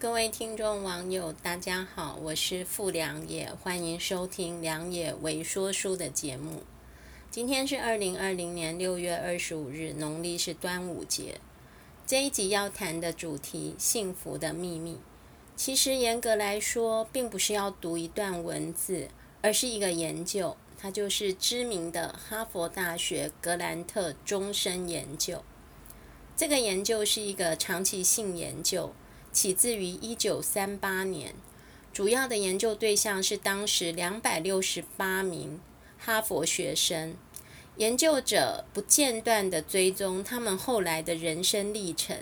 各位聽眾網友，大家好，我是傅良也，歡迎收聽《良也微說書》的節目。今天是二零二零年六月二十五日，農曆是端午節。這一集要談的主題“幸福的秘密”，其實嚴格來說，並不是要讀一段文字，而是一個研究。它就是知名的哈佛大學格蘭特終身研究。這個研究是一個長期性研究。起自於一九三八年，主要的研究對象是當時兩百六十八名哈佛學生。研究者不間斷地追蹤他們後來的人生歷程，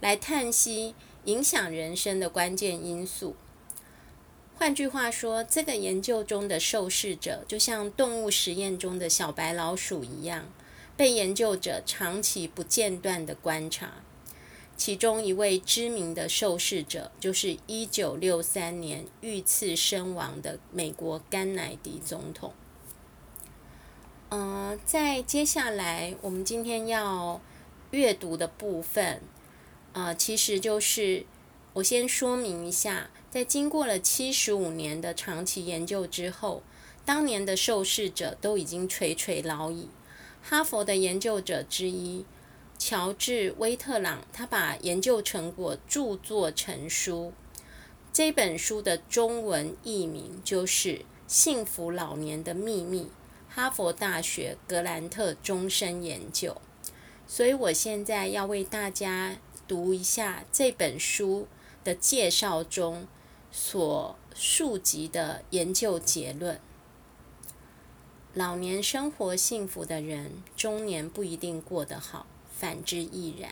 來探析影響人生的關鍵因素。換句話說，這個研究中的受試者就像動物實驗中的小白老鼠一樣，被研究者長期不間斷地觀察。其中一位知名的受試者就是一九六三年遇刺身亡的美國甘迺迪總統。呃，在接下來我們今天要閱讀的部分，啊、呃，其實就是我先說明一下，在經過了七十五年的長期研究之後，當年的受試者都已經垂垂老矣。哈佛的研究者之一，喬治·威朗特，他把研究成果著作成書。這本書的中文譯名就是《幸福老年的秘密：哈佛大學格蘭特終生研究》。所以，我現在要為大家讀一下這本書的介紹中所述及的研究結論：老年生活幸福的人，中年不一定過得好。反之亦然。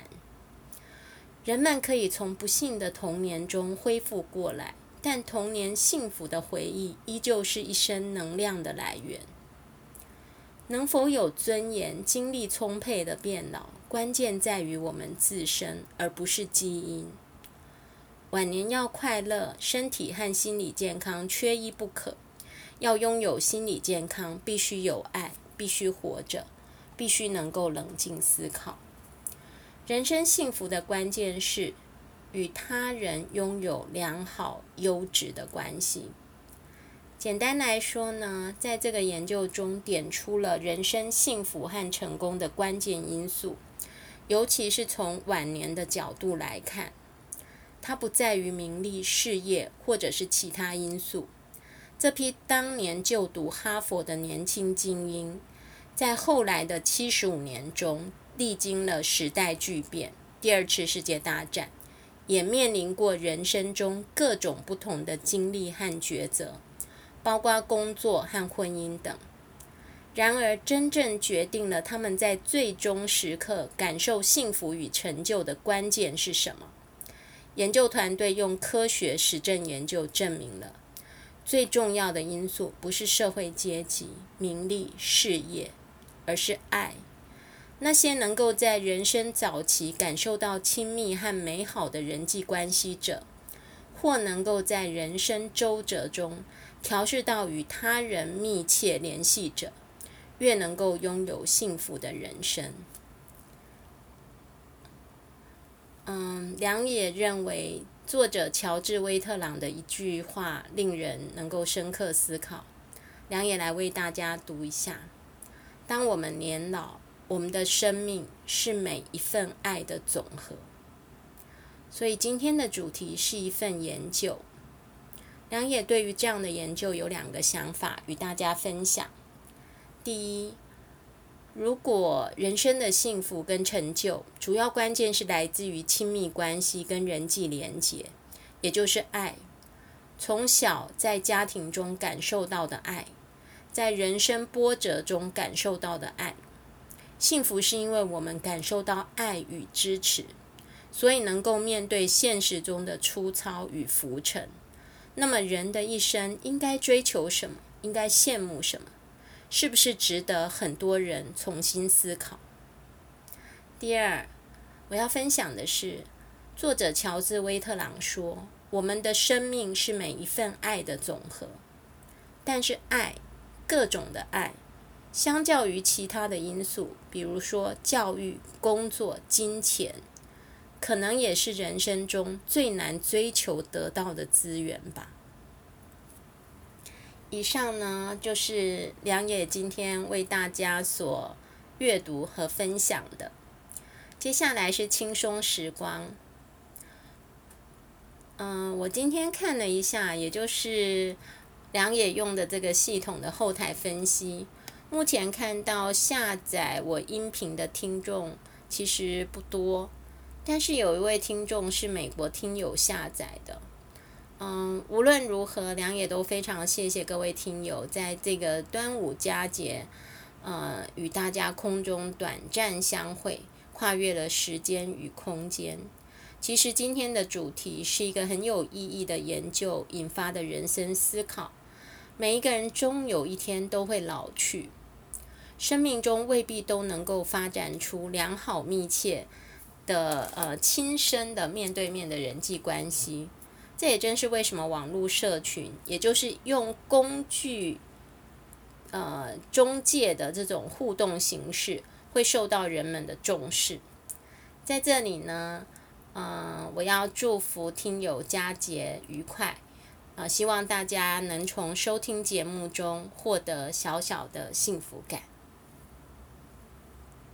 人們可以從不幸的童年中恢復過來，但童年幸福的回憶依舊是一生能量的來源。能否有尊嚴、精力充沛地變老，關鍵在於我們自身，而不是基因。晚年要快樂，身體和心理健康缺一不可。要擁有心理健康，必須有愛，必須活着，必須能夠冷靜思考。人生幸福的關鍵是與他人擁有良好、優質的關係。簡單來說呢，在這個研究中點出了人生幸福和成功的關鍵因素，尤其是從晚年的角度來看，它不在於名利、事業或者是其他因素。這批當年就讀哈佛的年輕精英，在後來的七十五年中，歷經了時代巨變，第二次世界大戰，也面臨過人生中各種不同的經歷和抉擇，包括工作和婚姻等。然而，真正決定了他們在最終時刻感受幸福與成就的關鍵是什麼？研究團隊用科學實證研究證明了，最重要的因素不是社會階級、名利、事業，而是愛。那些能夠在人生早期感受到親密和美好的人際關係者，或能夠在人生周折中調適到與他人密切聯繫者，越能夠擁有幸福的人生。嗯，良也認為作者喬治·威朗特的一句話令人能夠深刻思考。良也來為大家讀一下：當我們年老，我們的生命是每一份愛的總和，所以今天的主題是一份研究。良也對於這樣的研究有兩個想法與大家分享。第一，如果人生的幸福跟成就主要關鍵是來自於親密關係跟人際連結，也就是愛，從小在家庭中感受到的愛，在人生波折中感受到的愛。幸福是因為我們感受到愛與支持，所以能夠面對現實中的粗糙與浮沉。那麼，人的一生應該追求什麼？應該羨慕什麼？是不是值得很多人重新思考？第二，我要分享的是，作者喬治·威朗特說：“我們的生命是每一份愛的總和。”但是愛，各種的愛，相較於其他的因素，比如說教育、工作、金錢，可能也是人生中最難追求得到的資源吧。以上呢，就是良也今天為大家所閱讀和分享的。接下來是輕鬆時光。嗯，我今天看了一下，也就是良也用的這個系統的後台分析。目前看到下載我音頻的聽眾其實不多，但是有一位聽眾是美國聽友下載的。嗯，無論如何，良也都非常謝謝各位聽友在這個端午佳節，呃，與大家空中短暫相會，跨越了時間與空間。其實今天的主題是一個很有意義的研究引發的人生思考。每一個人終有一天都會老去，生命中未必都能夠發展出良好、密切的呃親身的面對面的人際關係。這也正是為什麼網絡社群，也就是用工具呃中介的這種互動形式，會受到人們的重視。在這裡呢，嗯、呃，我要祝福聽友佳節愉快。啊，呃，希望大家能從收聽節目中獲得小小的幸福感。